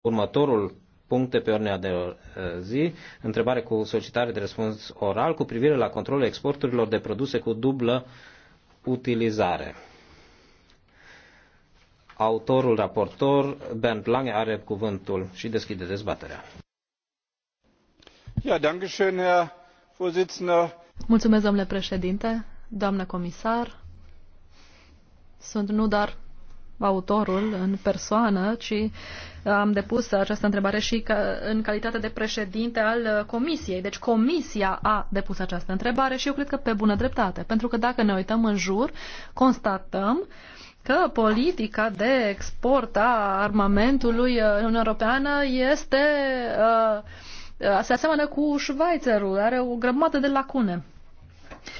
următorul puncte pe ordinea de uh, zi, întrebare cu solicitare de răspuns oral cu privire la controlul exporturilor de produse cu dublă utilizare. Autorul raportor Bernd Lange are cuvântul și deschide dezbaterea. Ja, danke schön, Herr Vorsitzender. Mulțumesc, domnule președinte, doamnă comisar. Sunt nu dar autorul în persoană, ci uh, am depus această întrebare și în calitate de președinte al uh, comisiei. Deci comisia a depus această întrebare și eu cred că pe bună dreptate, pentru că dacă ne uităm în jur, constatăm că politica de export a armamentului uh, în Uniunea Europeană este se asemănă cu Schweizerul, are o grămadă de lacune.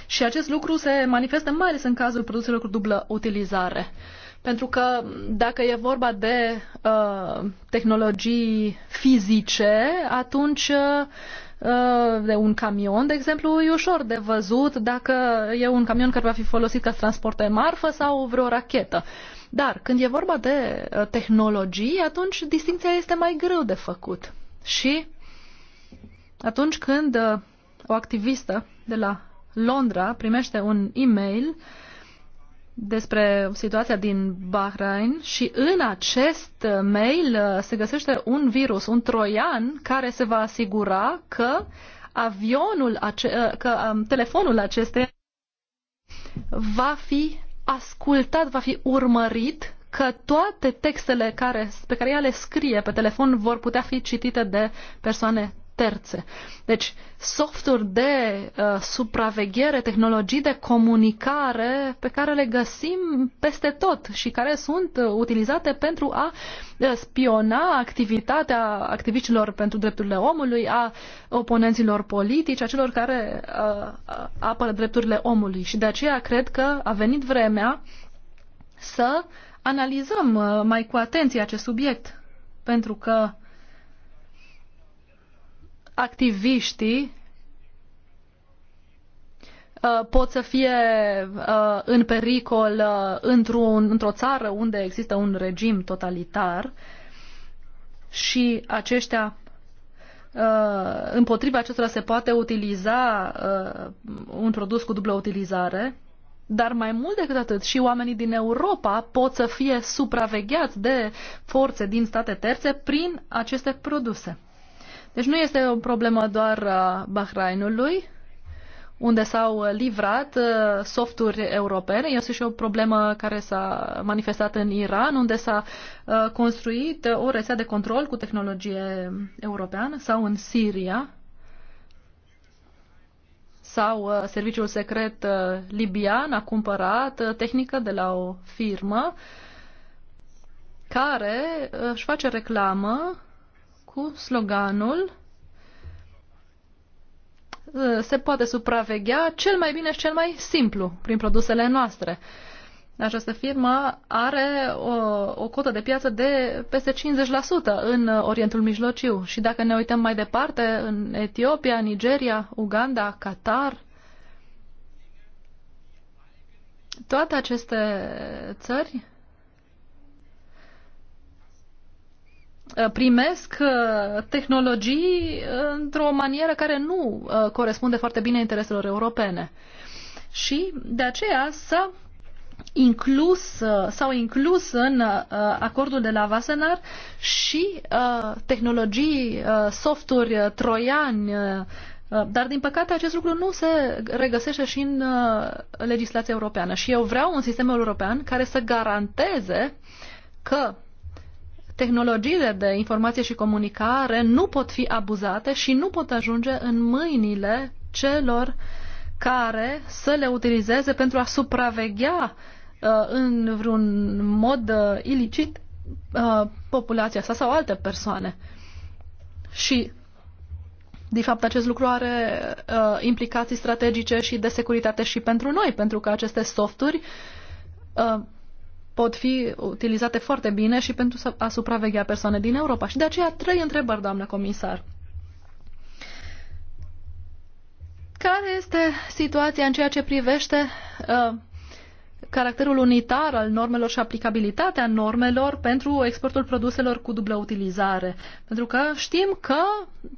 Și acest lucru se manifestă mai ales în cazul produselor cu dublă utilizare. Uh, pentru că dacă e vorba de uh, tehnologii fizice, atunci uh, de un camion, de exemplu, e ușor de văzut dacă e un camion care va fi folosit ca să transporte marfă sau vreo rachetă. Dar când e vorba de uh, tehnologii, atunci distinția este mai greu de făcut. Și atunci când uh, o activistă de la Londra primește un e-mail uh, despre situația din Bahrain și în acest mail uh, se găsește un virus, un troian care se va asigura că avionul, ace- uh, că um, telefonul acestei va fi ascultat, va fi urmărit, că toate textele care, pe care ea le scrie pe telefon vor putea fi citite de persoane terțe. Deci, softuri de uh, supraveghere, tehnologii de comunicare pe care le găsim peste tot și care sunt uh, utilizate pentru a uh, spiona activitatea activiștilor pentru drepturile omului, a oponenților politici, a celor care uh, apără drepturile omului. Și de aceea cred că a venit vremea să analizăm uh, mai cu atenție acest subiect, pentru că activiștii uh, pot să fie uh, în pericol uh, într-un, într-o țară unde există un regim totalitar și aceștia împotriva acestora se poate utiliza un produs cu dublă utilizare, dar mai mult decât atât, și oamenii din Europa pot să fie supravegheați de forțe din state terțe prin aceste produse. Deci nu este o problemă doar a uh, Bahrainului, unde s-au uh, livrat uh, softuri europene. Este și o problemă care s-a manifestat în Iran, unde s-a construit o rețea de control cu tehnologie europeană, sau în Siria, sau serviciul secret libian a cumpărat tehnică de la o firmă care își face reclamă cu sloganul ă, se poate supraveghea cel mai bine și cel mai simplu prin produsele noastre. Această firmă are o, o cotă de piață de peste 50% în Orientul Mijlociu și dacă ne uităm mai departe în Etiopia, Nigeria, Uganda, Qatar, toate aceste țări Uh, primesc uh, tehnologii uh, într-o manieră care nu corespunde foarte bine intereselor europene. Și de aceea s-a inclus, s-au inclus în acordul de la Wassenaar și tehnologii, softuri troiani, dar din păcate acest lucru nu se regăsește și în legislația europeană. Și eu vreau un sistem european care să garanteze că tehnologiile de informație și comunicare nu pot fi abuzate și nu pot ajunge în mâinile celor care să le utilizeze pentru a supraveghea uh, în vreun mod uh, ilicit uh, populația sa sau alte persoane. Și, de fapt, acest lucru are uh, implicații strategice și de securitate și pentru noi, pentru că aceste softuri uh, pot fi utilizate foarte bine și pentru a supraveghea persoane din Europa. Și de aceea trei întrebări, doamnă comisar. Care este situația în ceea ce privește uh, caracterul unitar al normelor și aplicabilitatea normelor pentru exportul produselor cu dublă utilizare? Pentru că știm că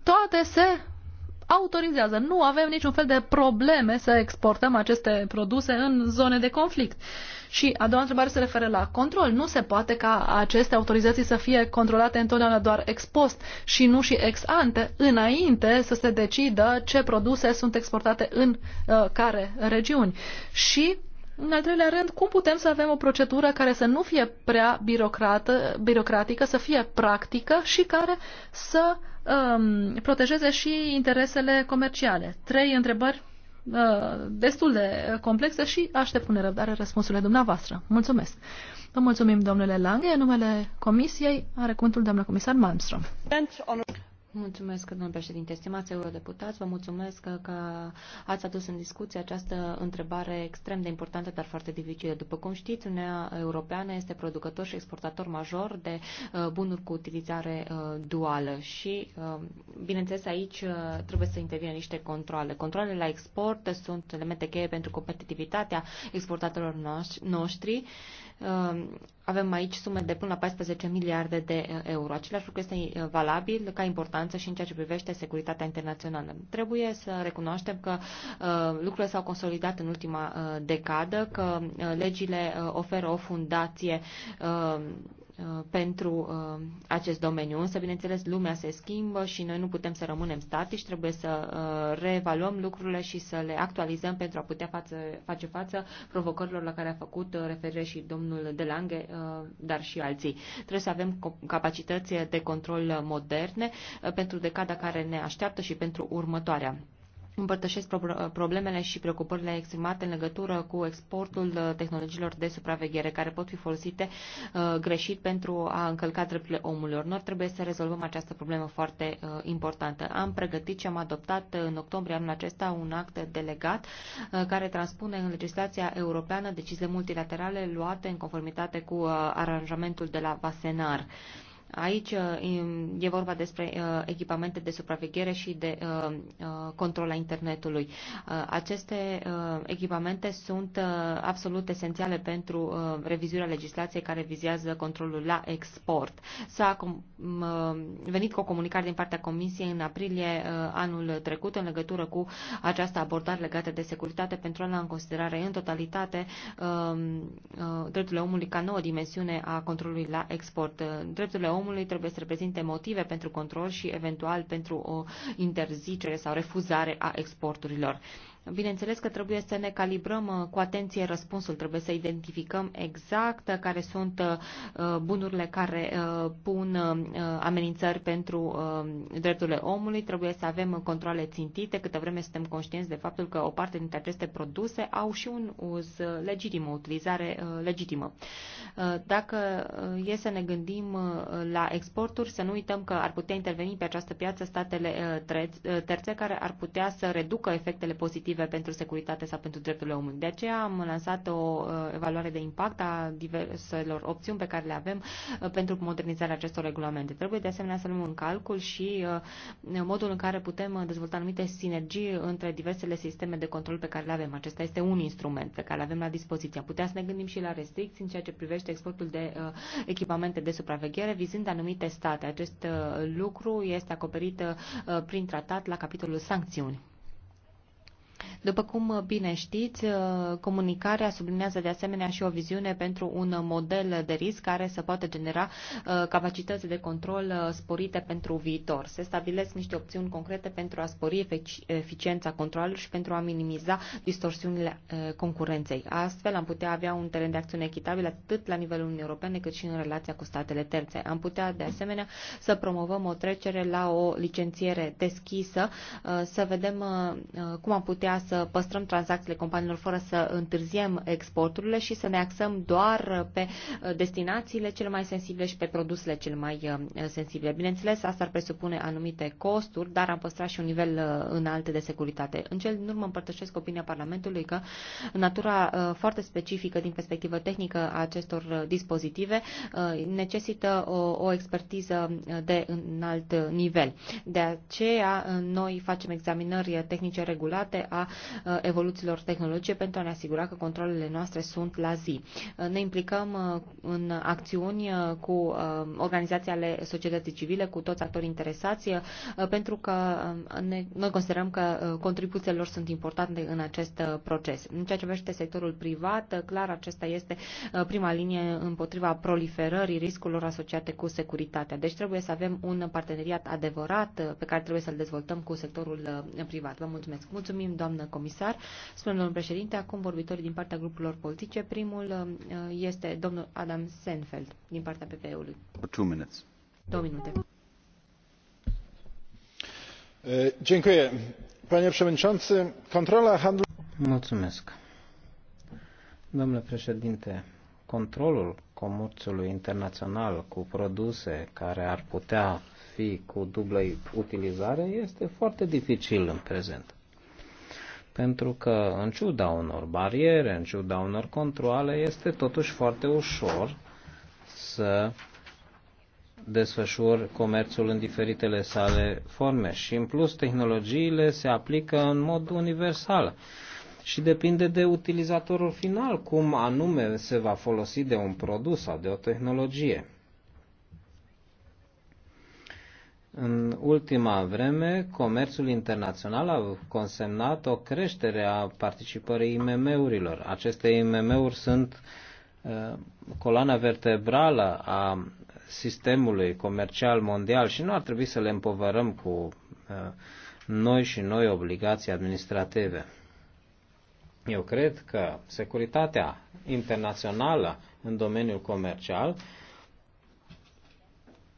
toate se autorizează. Nu avem niciun fel de probleme să exportăm aceste produse în zone de conflict. Și a doua întrebare se referă la control. Nu se poate ca aceste autorizații să fie controlate întotdeauna doar ex post și nu și ex ante, înainte să se decidă ce produse sunt exportate în uh, care regiuni. Și în al treilea rând, cum putem să avem o procedură care să nu fie prea birocrată, birocratică, să fie practică și care să uh, um, protejeze și interesele comerciale. Trei întrebări uh, destul de complexe și aștept cu nerăbdare răspunsurile dumneavoastră. Mulțumesc! Vă mulțumim, domnule Lange. În numele Comisiei are cuvântul doamna comisar Malmström. Mulțumesc, domnule președinte. Stimați eurodeputați, vă mulțumesc că ați adus în discuție această întrebare extrem de importantă, dar foarte dificilă. După cum știți, Uniunea Europeană este producător și exportator major de uh, bunuri cu utilizare uh, duală și, uh, bineînțeles, aici trebuie să intervină niște controle. Controlele la export sunt elemente cheie pentru competitivitatea exportatorilor noștri Um, avem aici sume de până la 14 miliarde de uh, euro. Același lucru este uh, valabil ca importanță și în ceea ce privește securitatea internațională. Trebuie să recunoaștem că uh, lucrurile s-au consolidat în ultima decadă, că legile oferă o fundație Uh, pentru uh, acest domeniu. Însă, bineînțeles, lumea se schimbă și noi nu putem să rămânem statici, trebuie să uh, reevaluăm lucrurile și să le actualizăm pentru a putea față, face față provocărilor la care a făcut referire și domnul Delange, dar și alții. Trebuie să avem capacități de control moderne pentru decada care ne așteaptă și pentru următoarea împărtășesc problemele și preocupările exprimate în legătură cu exportul uh, tehnologiilor de supraveghere care pot fi folosite uh, greșit pentru a încălca drepturile omului. Noi trebuie să rezolvăm această problemă foarte uh, importantă. Am pregătit și am adoptat uh, în octombrie anul acesta un act delegat uh, care transpune în legislația europeană deciziile multilaterale luate în conformitate cu uh, aranjamentul de la Vasenar. Uh, Aici uh, e vorba despre uh, echipamente de supraveghere și de uh, control a internetului. Aceste echipamente sunt absolut esențiale pentru revizuirea legislației care vizează controlul la export. S-a venit cu o comunicare din partea Comisiei în aprilie anul trecut în legătură cu această abordare legată de securitate pentru a lua în considerare în totalitate um, drepturile omului ca nouă dimensiune a controlului la export. Drepturile omului omului trebuie să reprezinte motive pentru control și eventual pentru o interzicere sau refuzare a exporturilor. Bineînțeles că trebuie să ne calibrăm uh, cu atenție răspunsul, trebuie să identificăm exact care sunt uh, bunurile care uh, pun amenințări pentru drepturile omului, trebuie să avem controle țintite, câtă vreme suntem conștienți de faptul că o parte dintre aceste produse au și un uz legitim, o utilizare legitimă. Dacă e să ne gândim la exporturi, să nu uităm că ar putea interveni pe această piață statele terțe care ar putea să reducă efectele pozitive motive pentru securitate sau pentru drepturile omului. De aceea am lansat o uh, evaluare de impact a diverselor opțiuni pe care le avem uh, pentru modernizarea acestor regulamente. Trebuie de asemenea să luăm în calcul și uh, modul în care putem dezvolta anumite sinergii între diversele sisteme de control pe care le avem. Acesta este un instrument pe care le avem la dispoziție. Am putea să ne gândim și la restricții în ceea ce privește exportul de echipamente de supraveghere vizând anumite state. Acest lucru este acoperit prin tratat la capitolul sancțiuni. După cum bine știți, uh, comunicarea sublinează de asemenea și o viziune pentru un model de risc care să poată genera uh, capacități de control uh, sporite pentru viitor. Se stabilesc niște opțiuni concrete pentru a spori eficiența controlului și pentru a minimiza distorsiunile concurenței. Astfel am putea avea un teren de acțiune echitabil atât la nivelul Uniunii Europene cât și în relația cu statele terțe. Am putea de asemenea să promovăm o trecere la o licențiere deschisă, să vedem cum am putea aceea să păstrăm tranzacțiile companiilor fără să întârziem exporturile și să ne axăm doar pe uh, destinațiile cele mai sensibile și pe produsele cele mai uh, sensibile. Bineînțeles, asta ar presupune anumite costuri, dar am păstrat și un nivel uh, înalt de securitate. În cel din urmă împărtășesc opinia Parlamentului că natura foarte specifică din perspectivă tehnică a acestor dispozitive necesită o, o expertiză de înalt nivel. De aceea, noi facem examinări tehnice regulate a Uh, evoluțiilor tehnologice pentru a ne asigura că controlele noastre sunt la zi. Uh, ne implicăm uh, în acțiuni cu organizații ale societății civile, cu toți actorii interesați, pentru că ne, noi considerăm că contribuțiile lor sunt importante în acest proces. În ceea ce privește sectorul privat, clar acesta este prima linie împotriva proliferării riscurilor asociate cu securitatea. Deci trebuie să avem un parteneriat adevărat pe care trebuie să-l dezvoltăm cu sectorul privat. Vă mulțumesc. Mulțumim, doamne! doamnă comisar. Spune domnul președinte, acum vorbitorii din partea grupurilor politice. Primul um, uh, este domnul Adam Senfeld, din partea PPE-ului. Două minute. Dziękuję. Panie przewodniczący, kontrola handlu. Mulțumesc. Domnule președinte, controlul comerțului internațional cu produse care ar putea fi cu dublă utilizare este foarte dificil în prezent pentru că în ciuda unor bariere, în ciuda unor controle, este totuși foarte ușor să desfășor comerțul în diferitele sale forme și în plus tehnologiile se aplică în mod universal și depinde de utilizatorul final cum anume se va folosi de un produs sau de o tehnologie. În ultima vreme, comerțul internațional a consemnat o creștere a participării IMM-urilor. Aceste IMM-uri sunt uh, coloana vertebrală a sistemului comercial mondial și nu ar trebui să le împovărăm cu uh, noi și noi obligații administrative. Eu cred că securitatea internațională în domeniul comercial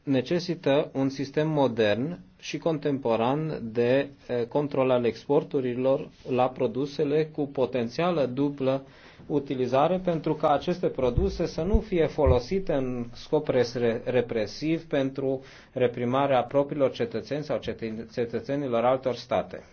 necesită un sistem modern și contemporan de eh, control al exporturilor la produsele cu potențială dublă utilizare pentru ca aceste produse să nu fie folosite în scop represiv pentru reprimarea propriilor cetățeni sau cetățenilor altor state.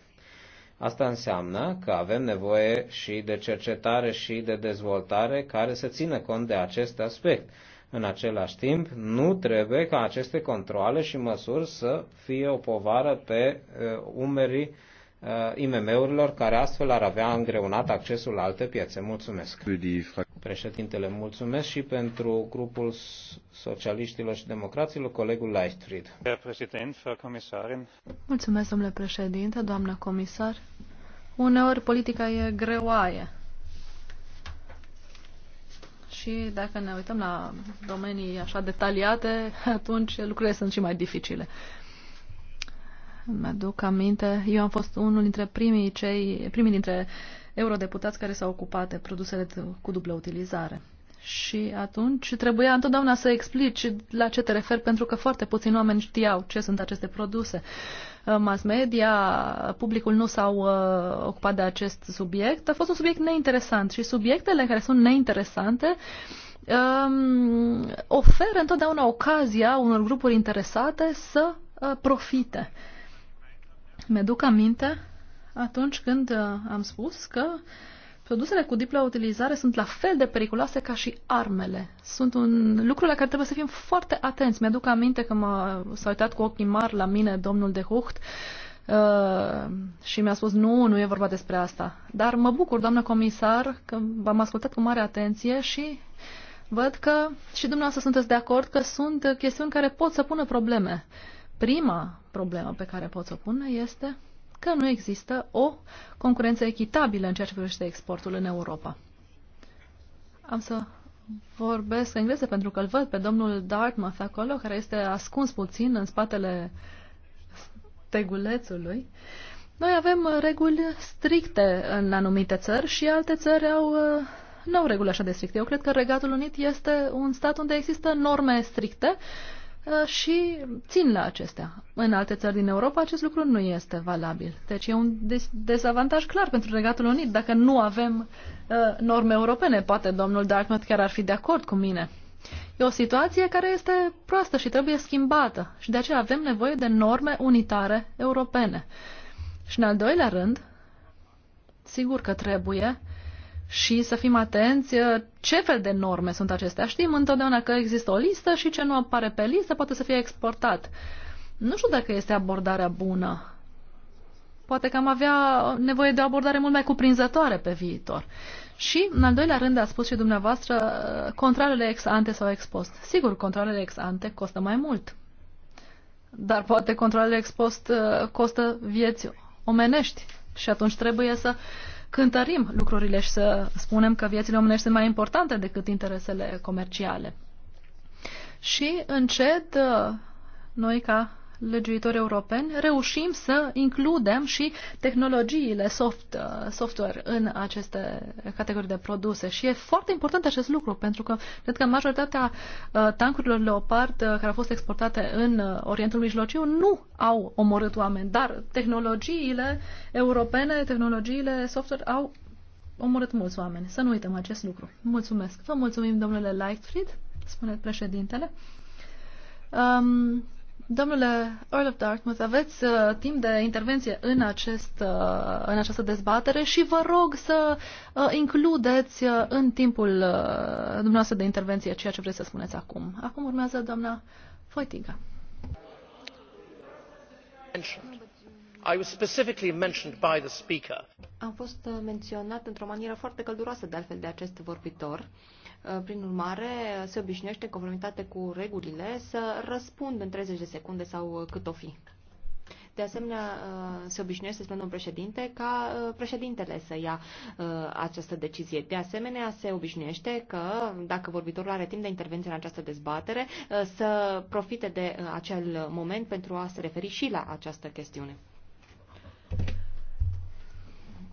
Asta înseamnă că avem nevoie și de cercetare și de dezvoltare care să țină cont de acest aspect în același timp, nu trebuie ca aceste controle și măsuri să fie o povară pe uh, umerii uh, IMM-urilor care astfel ar avea îngreunat accesul la alte piețe. Mulțumesc. Președintele, mulțumesc și pentru grupul socialiștilor și democraților, colegul Leichtfried. Mulțumesc, domnule președinte, doamnă comisar. Uneori politica e greoaie și dacă ne uităm la domenii așa detaliate, atunci lucrurile sunt și mai dificile. Mi-aduc aminte, eu am fost unul dintre primii, cei, primii dintre eurodeputați care s-au ocupat de produsele cu dublă utilizare. Și atunci trebuia întotdeauna să explici la ce te referi, pentru că foarte puțini oameni știau ce sunt aceste produse. Uh, Uh, mass media, publicul nu s-au uh, ocupat de acest subiect. A fost un subiect neinteresant și subiectele care sunt neinteresante um, oferă întotdeauna ocazia unor grupuri interesate să uh, profite. Mi-aduc aminte atunci când uh, am spus că uh, Produsele cu dublă utilizare sunt la fel de periculoase ca și armele. Sunt un lucru la care trebuie să fim foarte atenți. Mi-aduc aminte că m-a, s-a uitat cu ochii mari la mine domnul de Hucht uh, și mi-a spus nu, nu e vorba despre asta. Dar mă bucur, doamnă comisar, că v-am ascultat cu mare atenție și văd că și dumneavoastră sunteți de acord că sunt chestiuni care pot să pună probleme. Prima problemă pe care pot să o pună este că nu există o concurență echitabilă în ceea ce privește exportul în Europa. Am să vorbesc engleză pentru că îl văd pe domnul Dartmouth acolo, care este ascuns puțin în spatele tegulețului. Noi avem reguli stricte în anumite țări și alte țări au, uh, nu au reguli așa de stricte. Eu cred că Regatul Unit este un stat unde există norme stricte Uh, și țin la acestea. În alte țări din Europa acest lucru nu este valabil. Deci e un dezavantaj clar pentru Regatul Unit dacă nu avem uh, norme europene. Poate domnul Dartmouth chiar ar fi de acord cu mine. E o situație care este proastă și trebuie schimbată și de aceea avem nevoie de norme unitare europene. Și în al doilea rând, sigur că trebuie și să fim atenți uh, ce fel de norme sunt acestea. Știm întotdeauna că există o listă și ce nu apare pe listă poate să fie exportat. Nu știu dacă este abordarea bună. Poate că am avea nevoie de o abordare mult mai cuprinzătoare pe viitor. Și, în al doilea rând, a spus și dumneavoastră, uh, controlele ex ante sau ex post. Sigur, controlele ex ante costă mai mult. Dar poate controlele ex post uh, costă vieți omenești. Și atunci trebuie să uh, cântărim lucrurile și să spunem că viețile omenești sunt mai importante decât interesele comerciale. Și încet, uh, noi ca legiuitori europeni, reușim să includem și tehnologiile soft, uh, software în aceste categorii de produse. Și e foarte important acest lucru, pentru că cred că majoritatea uh, tancurilor Leopard uh, care au fost exportate în Orientul Mijlociu nu au omorât oameni, dar tehnologiile europene, tehnologiile software au omorât mulți oameni. Să nu uităm acest lucru. Mulțumesc. Vă mulțumim, domnule Lightfried, spune președintele. Um, Domnule Earl of Dartmouth, aveți uh, timp de intervenție în, acest, uh, în această dezbatere și vă rog să uh, includeți uh, în timpul uh, dumneavoastră de intervenție ceea ce vreți să spuneți acum. Acum urmează doamna Foitiga. I was specifically mentioned by the speaker. Am fost uh, menționat într-o manieră foarte călduroasă de altfel de acest vorbitor. Uh, Uh, prin urmare, se obișnuiește, conformitate cu regulile, să răspund în 30 de secunde sau uh, cât o fi. De asemenea, uh, se obișnuiește, spună un președinte, ca președintele să ia această decizie. De asemenea, se obișnuiește că, dacă vorbitorul are timp de intervenție în această dezbatere, să profite de acel moment pentru a se referi și la această chestiune.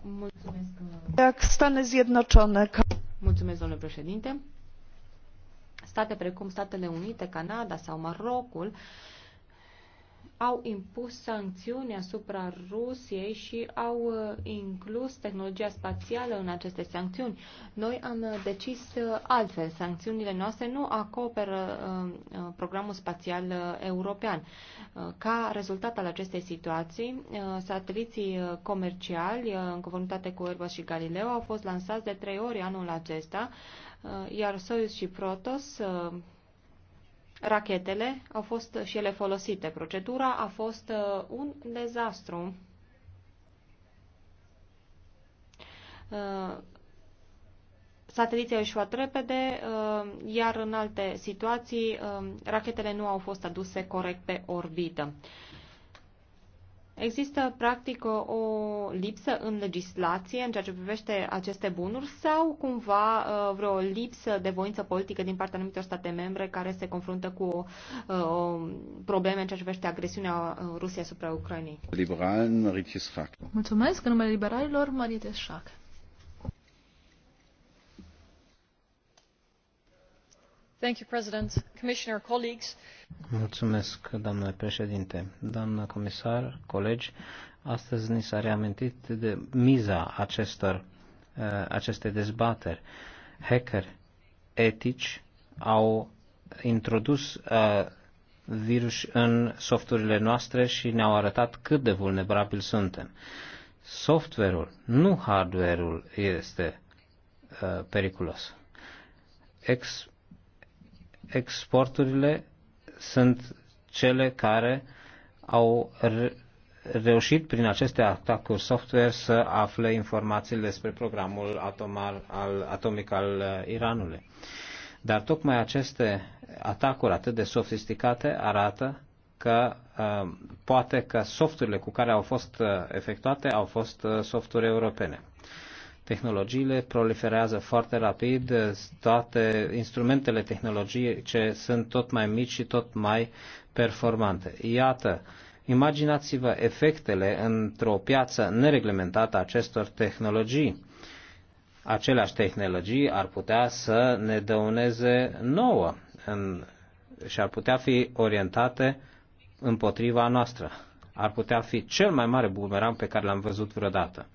Mulțumesc. Jak Mulțumesc, domnule președinte. State precum Statele Unite, Canada sau Marocul au impus sancțiuni asupra Rusiei și au uh, inclus tehnologia spațială în aceste sancțiuni. Noi am uh, decis uh, altfel. Sancțiunile noastre nu acoperă programul spațial european. Ca rezultat al acestei situații, sateliții comerciali, în conformitate cu Airbus și Galileo, au fost lansați de trei ori anul acesta, iar Soyuz și Protos, Rachetele au fost și ele folosite. Procedura a fost uh, un dezastru. Uh, Sateliții au ieșuat repede, uh, iar în alte situații rachetele nu au fost aduse corect pe orbită. Există, practic, o, o lipsă în legislație în ceea ce privește aceste bunuri sau cumva uh, vreo lipsă de voință politică din partea anumitor state membre care se confruntă cu uh, o, o probleme în ceea ce privește agresiunea uh, Rusiei asupra Ucrainei? Liberal, Mulțumesc. În numele liberalilor, Maritis Fac. Thank you, President. Commissioner, colleagues. Mulțumesc, doamnă președinte. Doamnă comisar, colegi, astăzi ni s-a reamintit de miza acestor, uh, aceste dezbateri. hacker, etici au introdus uh, virus în softurile noastre și ne-au arătat cât de vulnerabili suntem. Software-ul, nu hardware-ul este uh, periculos. Ex- exporturile sunt cele care au reușit prin aceste atacuri software să afle informațiile despre programul atomar, al, atomic al uh, Iranului. Dar tocmai aceste atacuri atât de sofisticate arată că uh, poate că softurile cu care au fost uh, efectuate au fost softuri europene tehnologiile proliferează foarte rapid, toate instrumentele tehnologice sunt tot mai mici și tot mai performante. Iată, imaginați-vă efectele într-o piață nereglementată a acestor tehnologii. Aceleași tehnologii ar putea să ne dăuneze nouă în, și ar putea fi orientate împotriva noastră. Ar putea fi cel mai mare bumerang pe care l-am văzut vreodată.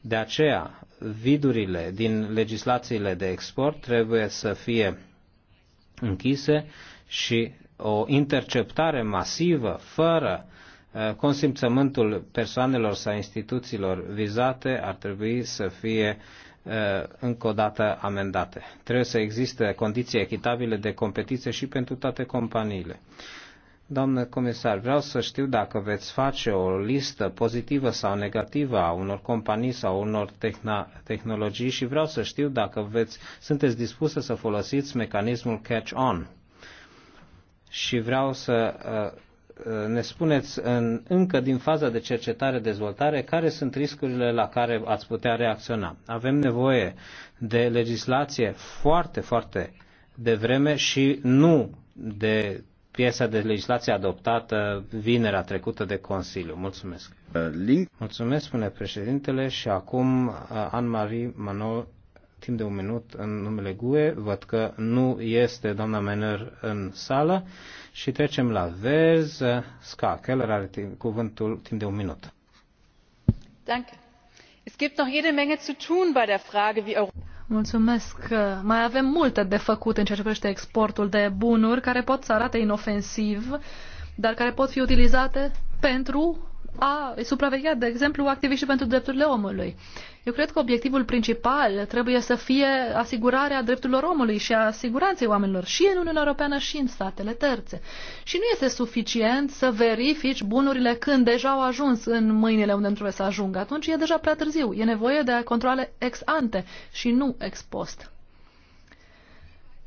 De aceea, vidurile din legislațiile de export trebuie să fie închise și o interceptare masivă, fără uh, consimțământul persoanelor sau instituțiilor vizate, ar trebui să fie uh, încă o dată amendate. Trebuie să existe condiții echitabile de competiție și pentru toate companiile. Doamnă comisar, vreau să știu dacă veți face o listă pozitivă sau negativă a unor companii sau unor tehna- tehnologii și vreau să știu dacă veți, sunteți dispusă să folosiți mecanismul catch-on. Și vreau să uh, ne spuneți în, încă din faza de cercetare-dezvoltare care sunt riscurile la care ați putea reacționa. Avem nevoie de legislație foarte, foarte devreme și nu de piesa de legislație adoptată vinerea trecută de Consiliu. Mulțumesc. Link. Mulțumesc, spune președintele, și acum uh, Anne-Marie Manol, timp de un minut în numele GUE, văd că nu este doamna Mener în sală și trecem la Vez Ska Keller are timp, cuvântul timp de un minut. Danke. Es gibt noch jede Menge zu tun bei der Frage, wie Europa Mulțumesc. Mai avem multe de făcut în ceea ce privește exportul de bunuri care pot să arate inofensiv, dar care pot fi utilizate pentru a supraveghea, de exemplu, activiștii pentru drepturile omului. Eu cred că obiectivul principal trebuie să fie asigurarea drepturilor omului și a siguranței oamenilor și în Uniunea Europeană și în statele terțe. Și nu este suficient să verifici bunurile când deja au ajuns în mâinile unde trebuie să ajungă. Atunci e deja prea târziu. E nevoie de controle ex ante și nu ex post.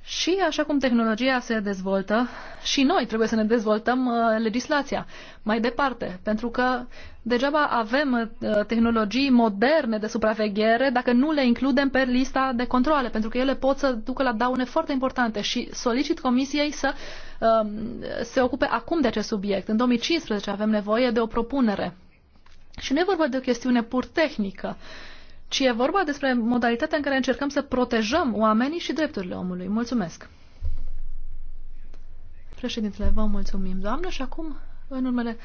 Și așa cum tehnologia se dezvoltă, și noi trebuie să ne dezvoltăm uh, legislația mai departe, pentru că degeaba avem uh, tehnologii moderne de supraveghere dacă nu le includem pe lista de controle, pentru că ele pot să ducă la daune foarte importante și solicit Comisiei să uh, se ocupe acum de acest subiect. În 2015 avem nevoie de o propunere. Și nu e vorba de o chestiune pur tehnică. Uh, ci e vorba despre modalitatea în care încercăm să protejăm oamenii și drepturile omului. Mulțumesc! Președintele, vă mulțumim, doamnă, și acum, în urmele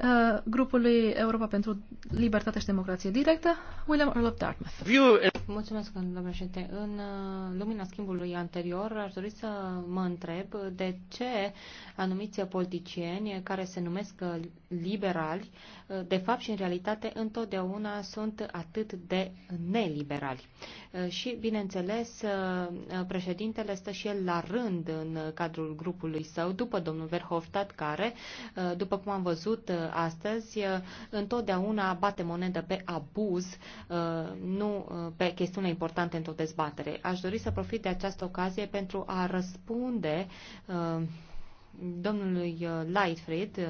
uh, grupului Europa pentru Libertate și Democrație Directă, William Earl of Dartmouth. Mulțumesc, domnule președinte. În uh, lumina schimbului anterior, aș dori să mă întreb de ce anumiți politicieni care se numesc uh, liberali, de fapt și în realitate întotdeauna sunt atât de neliberali. Și, bineînțeles, președintele stă și el la rând în cadrul grupului său, după domnul Verhofstadt, care, după cum am văzut astăzi, întotdeauna bate monedă pe abuz, nu pe chestiune importante într-o dezbatere. Aș dori să profit de această ocazie pentru a răspunde uh, domnului Lightfried uh,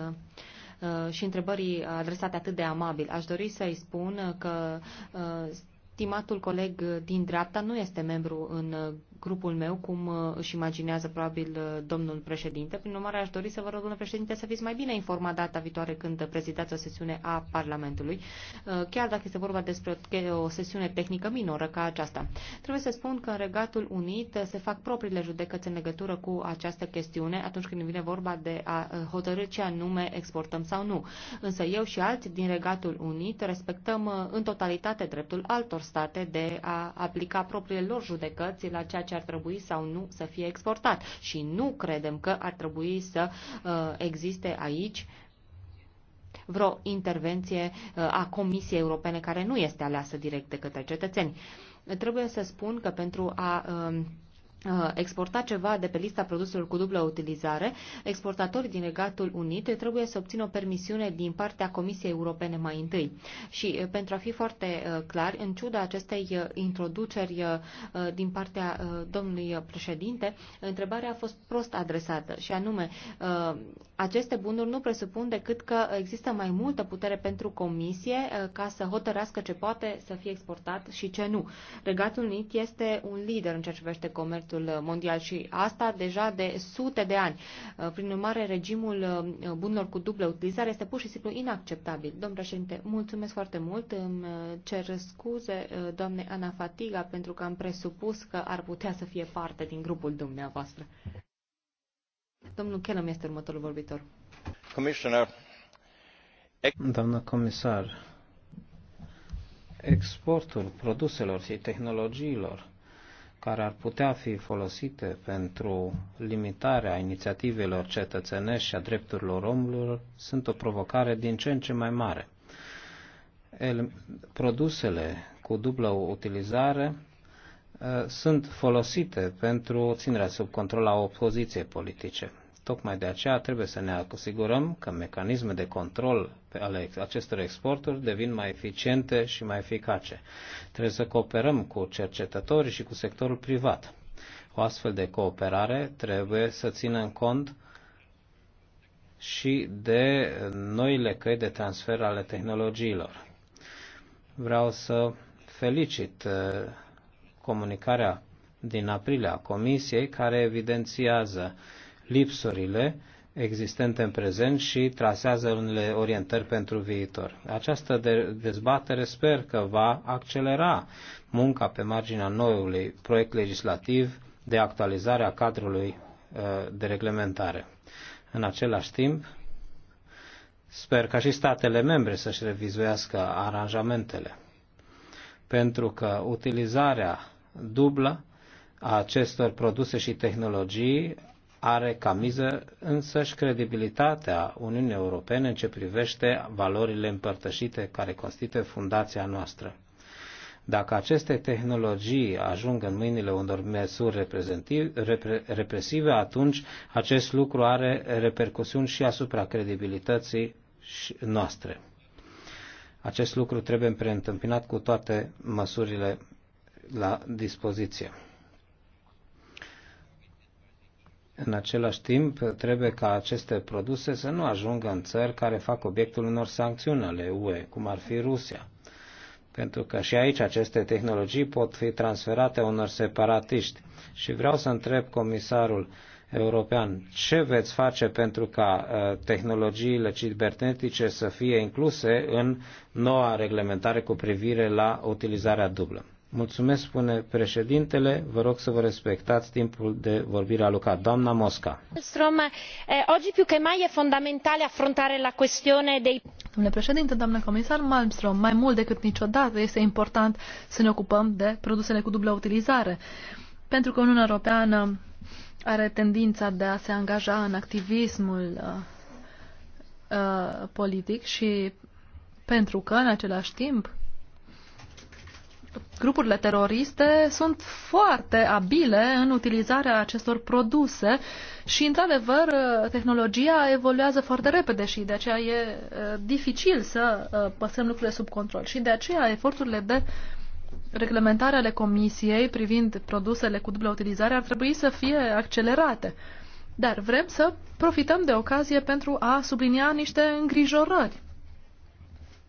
Uh, și întrebării adresate atât de amabil. Aș dori să-i spun că uh, Stimatul coleg din dreapta nu este membru în uh, grupul meu, cum uh, își imaginează probabil uh, domnul președinte. Prin urmare, aș dori să vă rog, domnule președinte, să fiți mai bine informat data viitoare când prezidați o sesiune a Parlamentului, uh, chiar dacă este vorba despre o sesiune tehnică minoră ca aceasta. Trebuie să spun că în Regatul Unit se fac propriile judecăți în legătură cu această chestiune atunci când vine vorba de a hotărâ ce anume exportăm sau nu. Însă eu și alții din Regatul Unit respectăm în totalitate dreptul altor state de a aplica propriile lor judecăți la ceea ce ar trebui sau nu să fie exportat. Și nu credem că ar trebui să uh, existe aici vreo intervenție uh, a Comisiei Europene care nu este aleasă direct de către cetățeni. Trebuie să spun că pentru a uh, Uh, exporta ceva de pe lista produselor cu dublă utilizare, exportatorii din Regatul Unit trebuie să obțină o permisiune din partea Comisiei Europene mai întâi. Și uh, pentru a fi foarte uh, clar, în ciuda acestei introduceri din partea domnului președinte, întrebarea a fost prost adresată și anume aceste bunuri nu presupun decât că există mai multă putere pentru comisie uh, ca să hotărească ce poate să fie exportat și ce nu. Regatul Unit este un lider în ceea ce privește comerțul uh, mondial și asta deja de sute de ani. Uh, prin urmare, regimul bunurilor cu dublă utilizare este pur și simplu inacceptabil. Domn președinte, mulțumesc foarte mult. Îmi cer scuze, doamne Ana Fatiga, pentru că am presupus că ar putea să fie parte din grupul dumneavoastră. Domnul Kellam este următorul vorbitor. Doamnă comisar, exportul produselor și tehnologiilor care ar putea fi folosite pentru limitarea inițiativelor cetățenești și a drepturilor omului sunt o provocare din ce în ce mai mare. El, produsele cu dublă utilizare Uh, sunt folosite pentru ținerea sub control a opoziției politice. Tocmai de aceea trebuie să ne asigurăm că mecanisme de control ale acestor exporturi devin mai eficiente și mai eficace. Trebuie să cooperăm cu cercetătorii și cu sectorul privat. O astfel de cooperare trebuie să țină în cont și de noile căi de transfer ale tehnologiilor. Vreau să felicit uh, comunicarea din aprilie a Comisiei, care evidențiază lipsurile existente în prezent și trasează unele orientări pentru viitor. Această dezbatere sper că va accelera munca pe marginea noului proiect legislativ de actualizare a cadrului uh, de reglementare. În același timp, sper ca și statele membre să-și revizuiască aranjamentele, pentru că utilizarea dublă a acestor produse și tehnologii are ca miză însăși credibilitatea Uniunii Europene în ce privește valorile împărtășite care constituie fundația noastră. Dacă aceste tehnologii ajung în mâinile unor măsuri repre, represive, atunci acest lucru are repercusiuni și asupra credibilității noastre. Acest lucru trebuie preîntâmpinat cu toate măsurile la dispoziție. În același timp, trebuie ca aceste produse să nu ajungă în țări care fac obiectul unor sancțiuni ale UE, cum ar fi Rusia. Pentru că și aici aceste tehnologii pot fi transferate unor separatiști. Și vreau să întreb comisarul european, ce veți face pentru ca uh, tehnologiile cibernetice să fie incluse în noua reglementare cu privire la utilizarea dublă? Mulțumesc, spune președintele. Vă rog să vă respectați timpul de vorbire alocat. Doamna Mosca. Eh, mai Domnule președinte, doamnă comisar Malmström, mai mult decât niciodată este important să ne ocupăm de produsele cu dublă utilizare. Pentru că Uniunea Europeană are tendința de a se angaja în activismul uh, uh, politic și pentru că, în același timp, grupurile teroriste sunt foarte abile în utilizarea acestor produse și, într-adevăr, tehnologia evoluează foarte repede și de aceea e dificil să păstrăm lucrurile sub control. Și de aceea eforturile de reglementare ale Comisiei privind produsele cu dublă utilizare ar trebui să fie accelerate. Dar vrem să profităm de ocazie pentru a sublinia niște îngrijorări.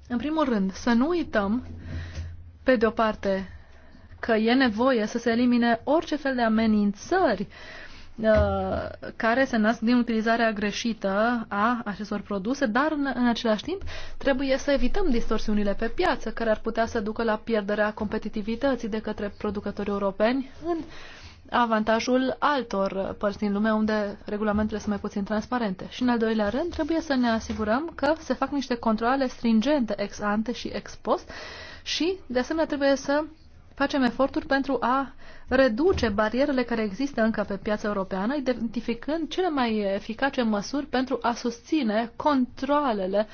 În primul rând, să nu uităm pe de o parte, că e nevoie să se elimine orice fel de amenințări uh, care se nasc din utilizarea greșită a acestor produse, dar în, în același timp trebuie să evităm distorsiunile pe piață care ar putea să ducă la pierderea competitivității de către producătorii europeni în avantajul altor părți din lume unde regulamentele sunt mai puțin transparente. Și în al doilea rând trebuie să ne asigurăm că se fac niște controle stringente ex ante și ex post și, de asemenea, trebuie să facem eforturi pentru a reduce barierele care există încă pe piața europeană, identificând cele mai eficace măsuri pentru a susține controlele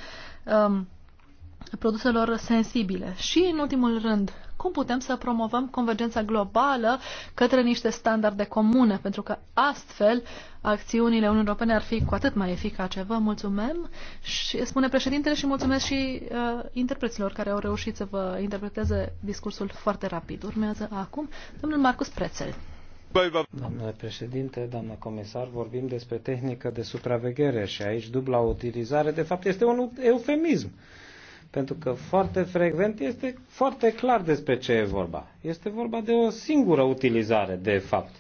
um, produselor sensibile. Și, în ultimul rând, cum putem să promovăm convergența globală către niște standarde comune, pentru că astfel acțiunile Uniunii Europene ar fi cu atât mai eficace. Vă mulțumim și spune președintele și mulțumesc și uh, interpreților care au reușit să vă interpreteze discursul foarte rapid. Urmează acum domnul Marcus Prețel. Domnule președinte, doamnă comisar, vorbim despre tehnică de supraveghere și aici dubla utilizare, de fapt, este un eufemism. Pentru că foarte frecvent este foarte clar despre ce e vorba. Este vorba de o singură utilizare, de fapt.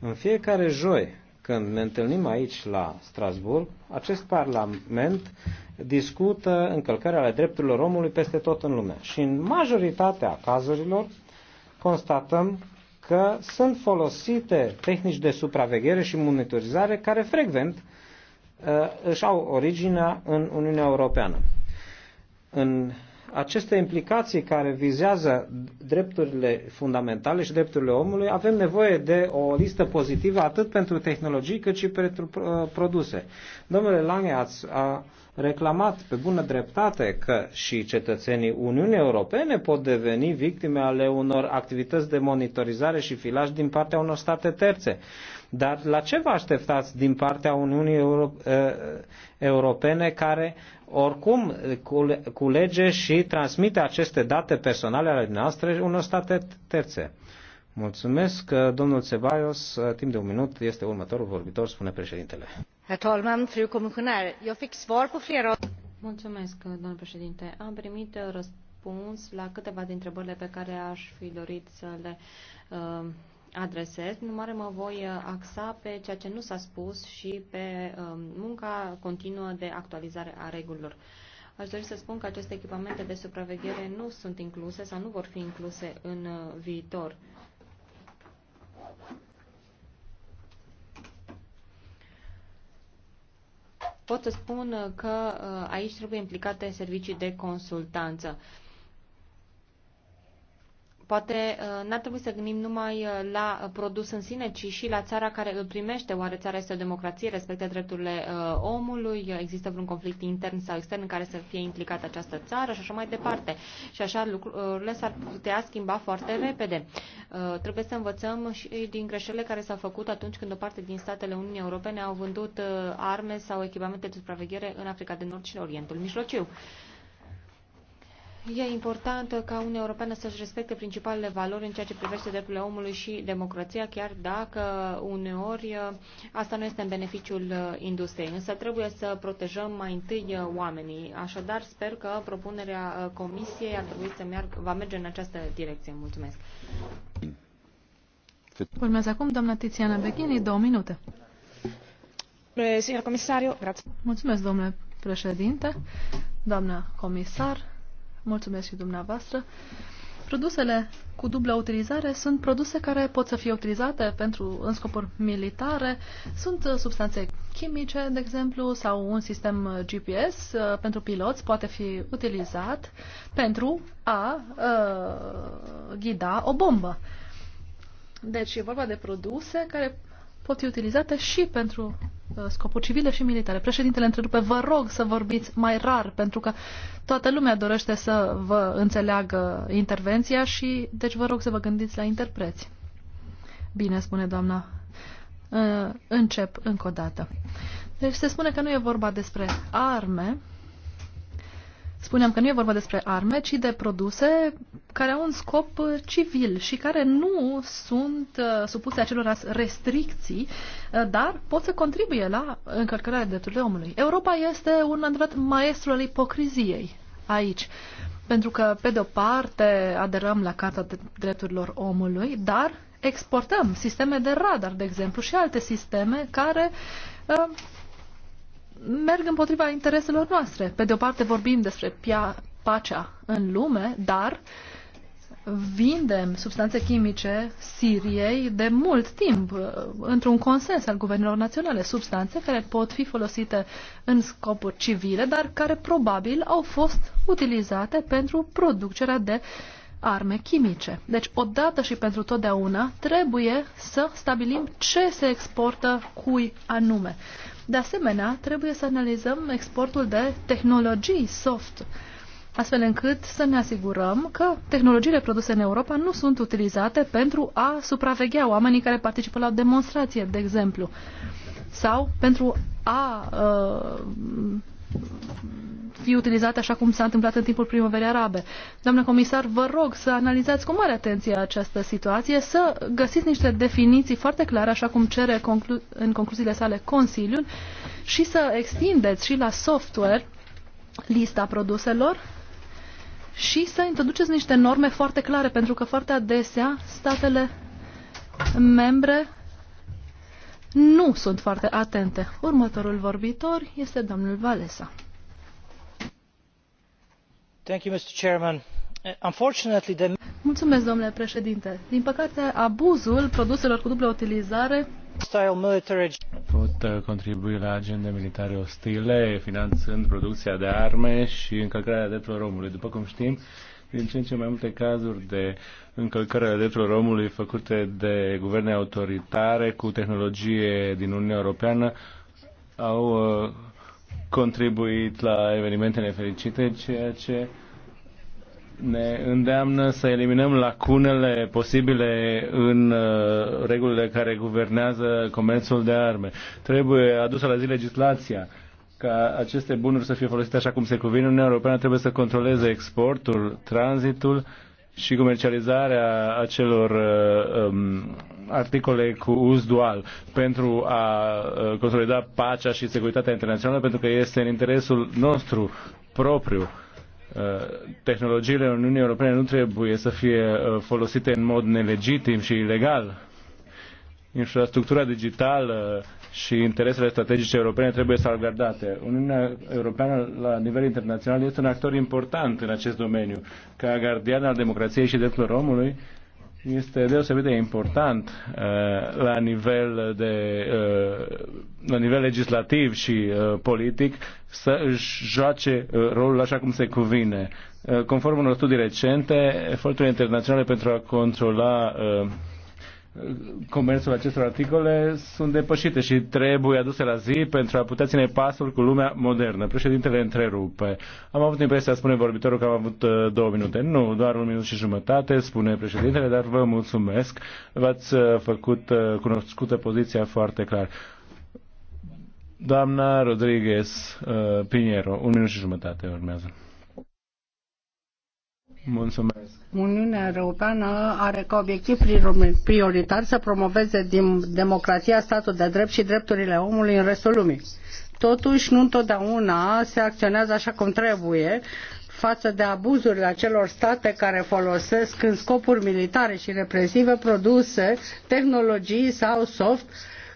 În fiecare joi, când ne întâlnim aici la Strasburg, acest Parlament discută încălcarea ale drepturilor omului peste tot în lume. Și în majoritatea cazurilor constatăm că sunt folosite tehnici de supraveghere și monitorizare care frecvent uh, își au originea în Uniunea Europeană în aceste implicații care vizează drepturile fundamentale și drepturile omului, avem nevoie de o listă pozitivă atât pentru tehnologii cât și pentru uh, produse. Domnule Lange, ați a reclamat pe bună dreptate că și cetățenii Uniunii Europene pot deveni victime ale unor activități de monitorizare și filaj din partea unor state terțe. Dar la ce vă așteptați din partea Uniunii Euro- uh, Europene care oricum culege și transmite aceste date personale ale noastre unor state terțe. Mulțumesc. Domnul Ceballos, timp de un minut, este următorul vorbitor, spune președintele. Herr fru Mulțumesc, domnul președinte. Am primit răspuns la câteva dintre întrebările pe care aș fi dorit să le uh, adresez. numai mă voi uh, axa pe ceea ce nu s-a spus și pe um, munca continuă de actualizare a regulilor. Aș dori să spun că aceste echipamente de supraveghere nu sunt incluse sau nu vor fi incluse în uh, viitor. Pot să spun uh, că aici trebuie implicate servicii de consultanță. Poate uh, n-ar trebui să gândim numai uh, la produs în sine, ci și la țara care îl primește. Oare țara este o democrație, respectă drepturile uh, omului, există vreun conflict intern sau extern în care să fie implicată această țară și așa mai departe. Și așa lucrurile s-ar putea schimba foarte repede. Trebuie să învățăm și din greșelile care s-au făcut atunci când o parte din statele Uniunii Europene au vândut arme sau echipamente de supraveghere în Africa de Nord și Orientul Mijlociu. E important ca Uniunea Europeană să-și respecte principalele valori în ceea ce privește drepturile omului și democrația, chiar dacă uneori uh, asta nu este în beneficiul uh, industriei. Însă trebuie să protejăm mai întâi uh, oamenii. Așadar, sper că propunerea Comisiei ar trebui să meargă, va merge în această direcție. Mulțumesc. Urmează acum doamna Tiziana Beghini, două minute. Eh, Mulțumesc, domnule președinte, doamna comisar, Mulțumesc și dumneavoastră. Produsele cu dublă utilizare sunt produse care pot să fie utilizate pentru, în scopuri militare. Sunt uh, substanțe chimice, de exemplu, sau un sistem uh, GPS uh, pentru piloți poate fi utilizat pentru a a ghida o bombă. Deci e vorba de produse care pot fi utilizate și pentru uh, scopuri civile și militare. Președintele întrerupe, vă rog să vorbiți mai rar, pentru că toată lumea dorește să vă înțeleagă intervenția și deci vă rog să vă gândiți la interpreți. Bine, spune doamna. Uh, încep încă o dată. Deci se spune că nu e vorba despre arme, spuneam că nu e vorba despre arme, ci de produse care au un scop civil și care nu sunt uh, supuse acelor restricții, uh, dar pot să contribuie la încălcarea drepturilor omului. Europa este un adevărat maestru al ipocriziei aici. Pentru că, pe de-o parte, aderăm la Carta Drepturilor Omului, dar exportăm sisteme de radar, de exemplu, și alte sisteme care uh, merg împotriva intereselor noastre. Pe de o parte vorbim despre pacea în lume, dar vindem substanțe chimice Siriei de mult timp, uh, într-un consens al guvernelor naționale, substanțe care pot fi folosite în scopuri civile, dar care probabil au fost utilizate pentru producerea de arme chimice. Deci, odată și pentru totdeauna, trebuie să stabilim ce se exportă cui anume. De asemenea, trebuie să analizăm exportul de tehnologii soft, astfel încât să ne asigurăm că tehnologiile produse în Europa nu sunt utilizate pentru a supraveghea oamenii care participă la demonstrație, de exemplu, sau pentru a uh, fi utilizate așa cum s-a întâmplat în timpul primăverii arabe. Doamnă comisar, vă rog să analizați cu mare atenție această situație, să găsiți niște definiții foarte clare, așa cum cere conclu- în concluziile sale Consiliul, și să extindeți și la software lista produselor și să introduceți niște norme foarte clare, pentru că foarte adesea statele membre nu sunt foarte atente. Următorul vorbitor este domnul Valesa. Thank you, Mr. Chairman. Unfortunately, the... Mulțumesc, domnule președinte. Din păcate, abuzul produselor cu dublă utilizare pot uh, contribui la agende militare ostile, finanțând producția de arme și încălcarea drepturilor omului. După cum știm, din ce în ce mai multe cazuri de Încălcările drepturilor omului făcute de guverne autoritare cu tehnologie din Uniunea Europeană au uh, contribuit la evenimente nefericite, ceea ce ne îndeamnă să eliminăm lacunele posibile în uh, regulile care guvernează comerțul de arme. Trebuie adusă la zi legislația ca aceste bunuri să fie folosite așa cum se cuvine. Uniunea Europeană trebuie să controleze exportul, tranzitul și comercializarea acelor uh, um, articole cu uz dual pentru a uh, consolida pacea și securitatea internațională, pentru că este în interesul nostru propriu. Uh, tehnologiile Uniunii Europene nu trebuie să fie folosite în mod nelegitim și ilegal infrastructura digitală și interesele strategice europene trebuie salvgardate. Uniunea Europeană, la nivel internațional, este un actor important în acest domeniu. Ca gardian al democrației și drepturilor omului, este deosebit de important uh, la nivel de uh, la nivel legislativ și uh, politic să își joace uh, rolul așa cum se cuvine. Uh, conform unor studii recente, eforturile internaționale pentru a controla uh, comerțul acestor articole sunt depășite și trebuie aduse la zi pentru a putea ține pasul cu lumea modernă. Președintele întrerupe. Am avut impresia, spune vorbitorul, că am avut uh, două minute. Nu, doar un minut și jumătate, spune președintele, dar vă mulțumesc. V-ați uh, făcut uh, cunoscută poziția foarte clar. Doamna Rodriguez Piniero, un minut și jumătate urmează. Mulțumesc. Uniunea Europeană are ca obiectiv prioritar să promoveze democrația, statul de drept și drepturile omului în restul lumii. Totuși, nu întotdeauna se acționează așa cum trebuie față de abuzurile acelor state care folosesc în scopuri militare și represive produse, tehnologii sau soft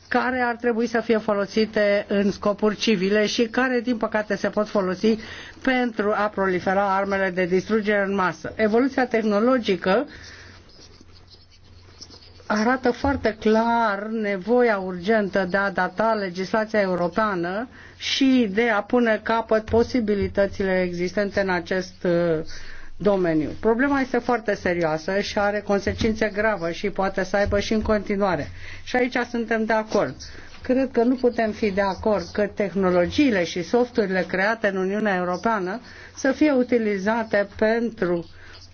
care ar trebui să fie folosite în scopuri civile și care, din păcate, se pot folosi pentru a prolifera armele de distrugere în masă. Evoluția tehnologică arată foarte clar nevoia urgentă de a adapta legislația europeană și de a pune capăt posibilitățile existente în acest domeniu. Problema este foarte serioasă și are consecințe grave și poate să aibă și în continuare. Și aici suntem de acord. Cred că nu putem fi de acord că tehnologiile și softurile create în Uniunea Europeană să fie utilizate pentru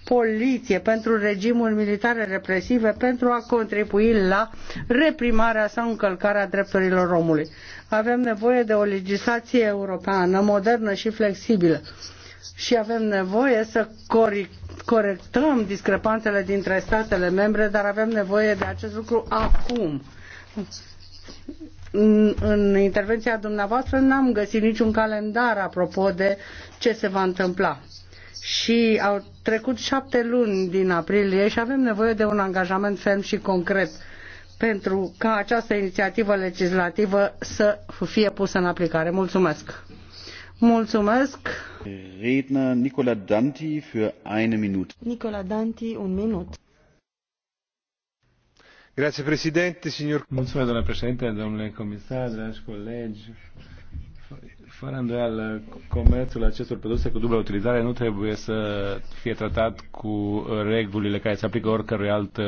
poliție, pentru regimul militare represive, pentru a contribui la reprimarea sau încălcarea drepturilor omului. Avem nevoie de o legislație europeană modernă și flexibilă și avem nevoie să corectăm discrepanțele dintre statele membre, dar avem nevoie de acest lucru acum. În, în intervenția dumneavoastră n-am găsit niciun calendar apropo de ce se va întâmpla. Și au trecut șapte luni din aprilie și avem nevoie de un angajament ferm și concret pentru ca această inițiativă legislativă să fie pusă în aplicare. Mulțumesc! Mulțumesc. Redner Nicola Danti für eine Minute. Nicola Danti, un minut. Grazie, Presidente, signor... Mulțumesc, domnule președinte, domnule comisar, dragi colegi. Fără îndoială, comerțul acestor produse cu dublă utilizare nu trebuie să fie tratat cu regulile care se aplică oricărui alt uh,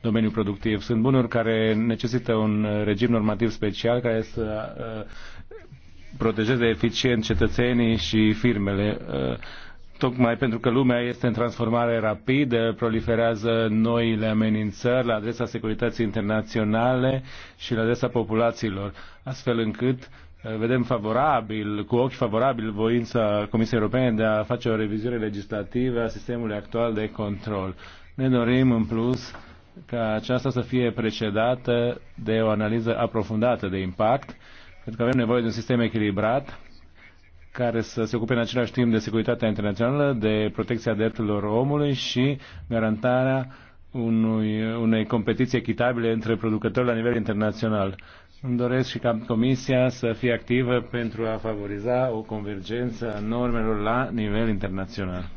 domeniu productiv. Sunt bunuri care necesită un regim normativ special care să uh, protejeze eficient cetățenii și firmele. Uh, tocmai pentru că lumea este în transformare rapidă, proliferează noile amenințări la adresa securității internaționale și la adresa populațiilor, astfel încât uh, vedem favorabil, cu ochi favorabil, voința Comisiei Europene de a face o revizuire legislativă a sistemului actual de control. Ne dorim, în plus, ca aceasta să fie precedată de o analiză aprofundată de impact pentru că avem nevoie de un sistem echilibrat care să se ocupe în același timp de securitatea internațională, de protecția drepturilor omului și garantarea unui, unei competiții echitabile între producători la nivel internațional. Îmi doresc și ca Comisia să fie activă pentru a favoriza o convergență a normelor la nivel internațional.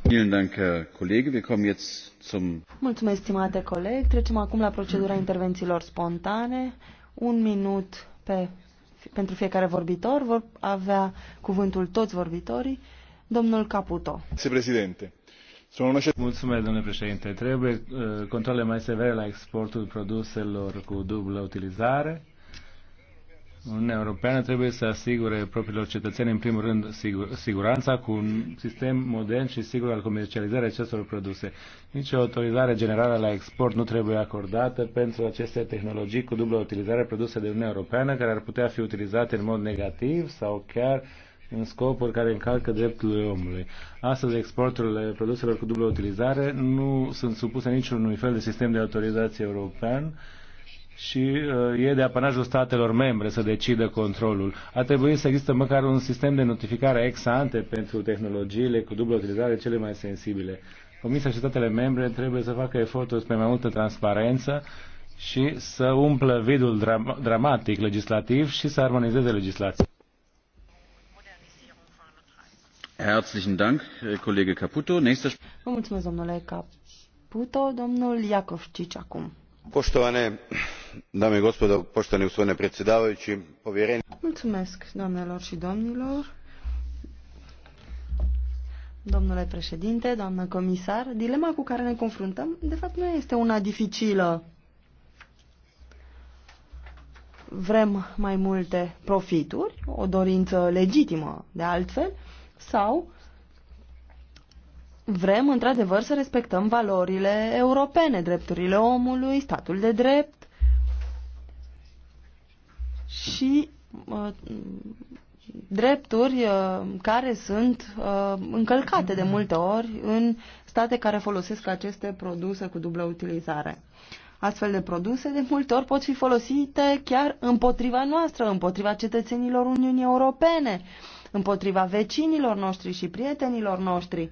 Mulțumesc, stimate coleg. Trecem acum la procedura intervențiilor spontane. Un minut pe pentru fiecare vorbitor, vor avea cuvântul toți vorbitorii. Domnul Caputo. Se Președinte. Mulțumesc, domnule președinte. Trebuie uh, controle mai severe la exportul produselor cu dublă utilizare Uniunea Europeană trebuie să asigure propriilor cetățeni, în primul rând, sigur, siguranța cu un sistem modern și sigur al comercializării acestor produse. Nici o autorizare generală la export nu trebuie acordată pentru aceste tehnologii cu dublă utilizare produse de Uniunea Europeană, care ar putea fi utilizate în mod negativ sau chiar în scopuri care încalcă drepturile omului. Astăzi, exporturile produselor cu dublă utilizare nu sunt supuse niciunui fel de sistem de autorizație european, și uh, e de apanajul statelor membre să decidă controlul. Ar trebui să există măcar un sistem de notificare ex ante pentru tehnologiile cu dublă utilizare cele mai sensibile. Comisia și statele membre trebuie să facă eforturi spre mai multă transparență și să umplă vidul dra- dramatic legislativ și să armonizeze legislația. Herzlichen Dank, Kollege Caputo. Nächster... Vă mulțumesc, domnule Caputo. Domnul Iacovcici acum. Poștoane, dame i gospodo poštovani gospodine predsjedavajući domnule președinte doamnă comisar dilema cu care ne confruntăm de fapt nu este una dificilă. Vrem mai multe profituri, o dorință legitimă de altfel, sau vrem într-adevăr să respectăm valorile europene, drepturile omului, statul de drept și uh, drepturi uh, care sunt uh, încălcate de multe ori în state care folosesc aceste produse cu dublă utilizare. Astfel de produse de multe ori pot fi folosite chiar împotriva noastră, împotriva cetățenilor Uniunii Europene, împotriva vecinilor noștri și prietenilor noștri.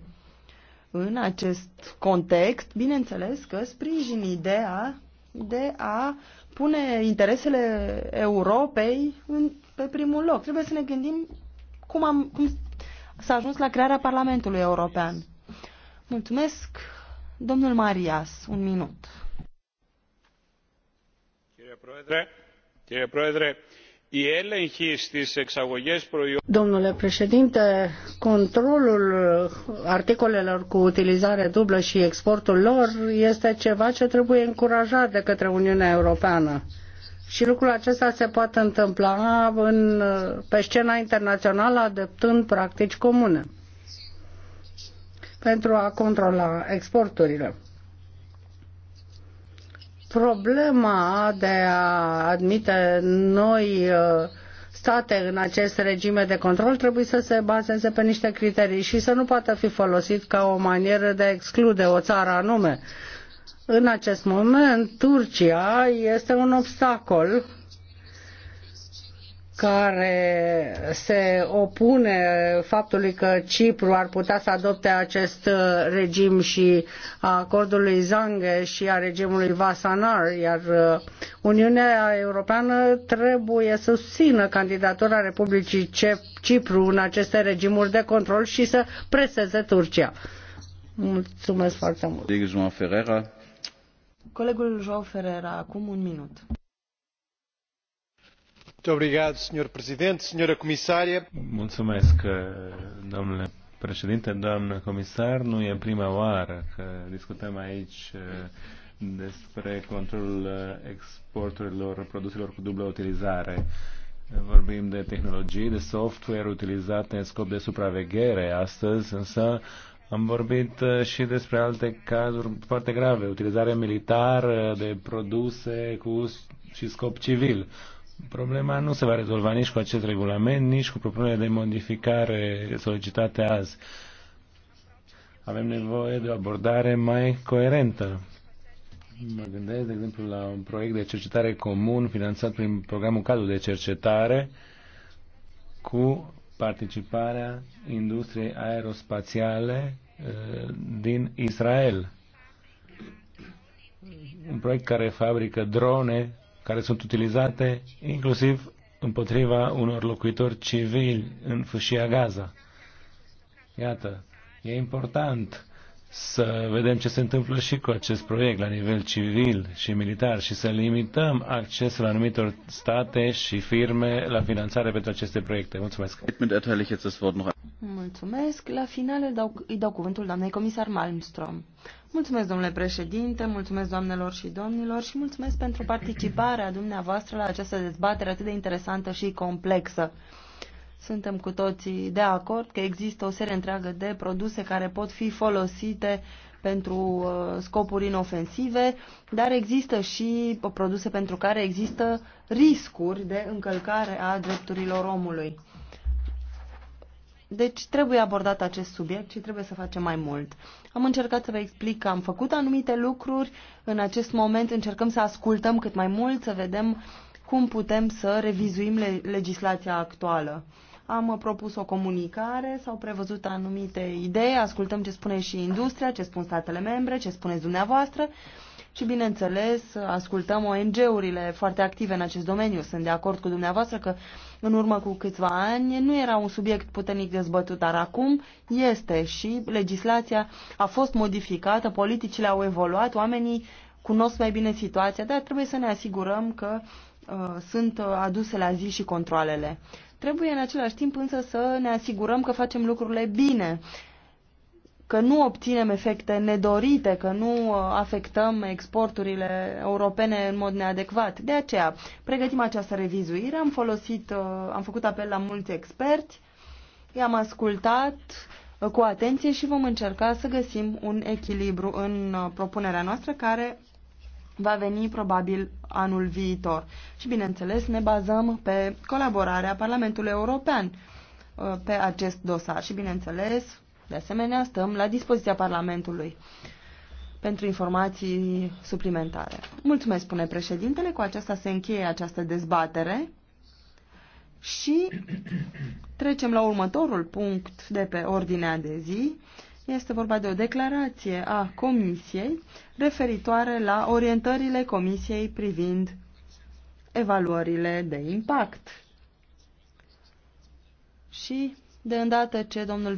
În acest context, bineînțeles că sprijin ideea de a pune interesele Europei în, pe primul loc. Trebuie să ne gândim cum, am, cum s-a ajuns la crearea Parlamentului European. Mulțumesc, domnul Marias. Un minut. Chire proedre, chire proedre. Domnule președinte, controlul articolelor cu utilizare dublă și exportul lor este ceva ce trebuie încurajat de către Uniunea Europeană. Și lucrul acesta se poate întâmpla în, pe scena internațională adoptând practici comune pentru a controla exporturile. Problema de a admite noi uh, state în acest regime de control trebuie să se bazeze pe niște criterii și să nu poată fi folosit ca o manieră de a exclude o țară anume. În acest moment, Turcia este un obstacol care se opune faptului că Cipru ar putea să adopte acest regim și a acordului Zange și a regimului Vasanar, iar uh, Uniunea Europeană trebuie să susțină candidatura Republicii Cipru în aceste regimuri de control și să preseze Turcia. Mulțumesc foarte mult. Colegul João Ferreira, acum un minut. Mulțumesc, eh, domnule președinte, doamnă comisar. Nu e prima oară că discutăm aici eh, despre controlul eh, exporturilor produselor cu dublă utilizare. Vorbim de tehnologii, de software utilizate în scop de supraveghere astăzi, însă am vorbit și despre alte cazuri foarte grave, utilizare militară de produse cu și scop civil. Problema nu se va rezolva nici cu acest regulament, nici cu propunerea de modificare solicitate azi. Avem nevoie de o abordare mai coerentă. Mă gândesc, de exemplu, la un proiect de cercetare comun finanțat prin programul cadru de cercetare cu participarea industriei aerospațiale eh, din Israel. Un proiect care fabrică drone care sunt utilizate inclusiv împotriva unor locuitori civili în fâșia Gaza. Iată, e important să vedem ce se întâmplă și cu acest proiect la nivel civil și militar și să limităm accesul anumitor state și firme la finanțare pentru aceste proiecte. Mulțumesc! Mulțumesc! La final îi dau, îi dau cuvântul doamnei comisar Malmström. Mulțumesc, domnule președinte, mulțumesc doamnelor și domnilor și mulțumesc pentru participarea dumneavoastră la această dezbatere atât de interesantă și complexă. Suntem cu toții de acord că există o serie întreagă de produse care pot fi folosite pentru uh, scopuri inofensive, dar există și produse pentru care există riscuri de încălcare a drepturilor omului. Deci trebuie abordat acest subiect și trebuie să facem mai mult. Am încercat să vă explic că am făcut anumite lucruri. În acest moment încercăm să ascultăm cât mai mult, să vedem cum putem să revizuim le- legislația actuală. Am propus o comunicare, s-au prevăzut anumite idei, ascultăm ce spune și industria, ce spun statele membre, ce spuneți dumneavoastră și, bineînțeles, ascultăm ONG-urile foarte active în acest domeniu. Sunt de acord cu dumneavoastră că în urmă cu câțiva ani nu era un subiect puternic dezbătut, dar acum este și legislația a fost modificată, politicile au evoluat, oamenii cunosc mai bine situația, dar trebuie să ne asigurăm că uh, sunt uh, aduse la zi și controlele. Trebuie în același timp însă să ne asigurăm că facem lucrurile bine că nu obținem efecte nedorite, că nu uh, afectăm exporturile europene în mod neadecvat. De aceea, pregătim această revizuire, am folosit, uh, am făcut apel la mulți experți, i-am ascultat uh, cu atenție și vom încerca să găsim un echilibru în propunerea noastră care va veni probabil anul viitor. Și bineînțeles ne bazăm pe colaborarea Parlamentului European pe acest dosar și bineînțeles de asemenea, stăm la dispoziția Parlamentului pentru informații suplimentare. Mulțumesc, spune președintele. Cu aceasta se încheie această dezbatere și trecem la următorul punct de pe ordinea de zi. Este vorba de o declarație a Comisiei referitoare la orientările Comisiei privind evaluările de impact. Și de îndată ce domnul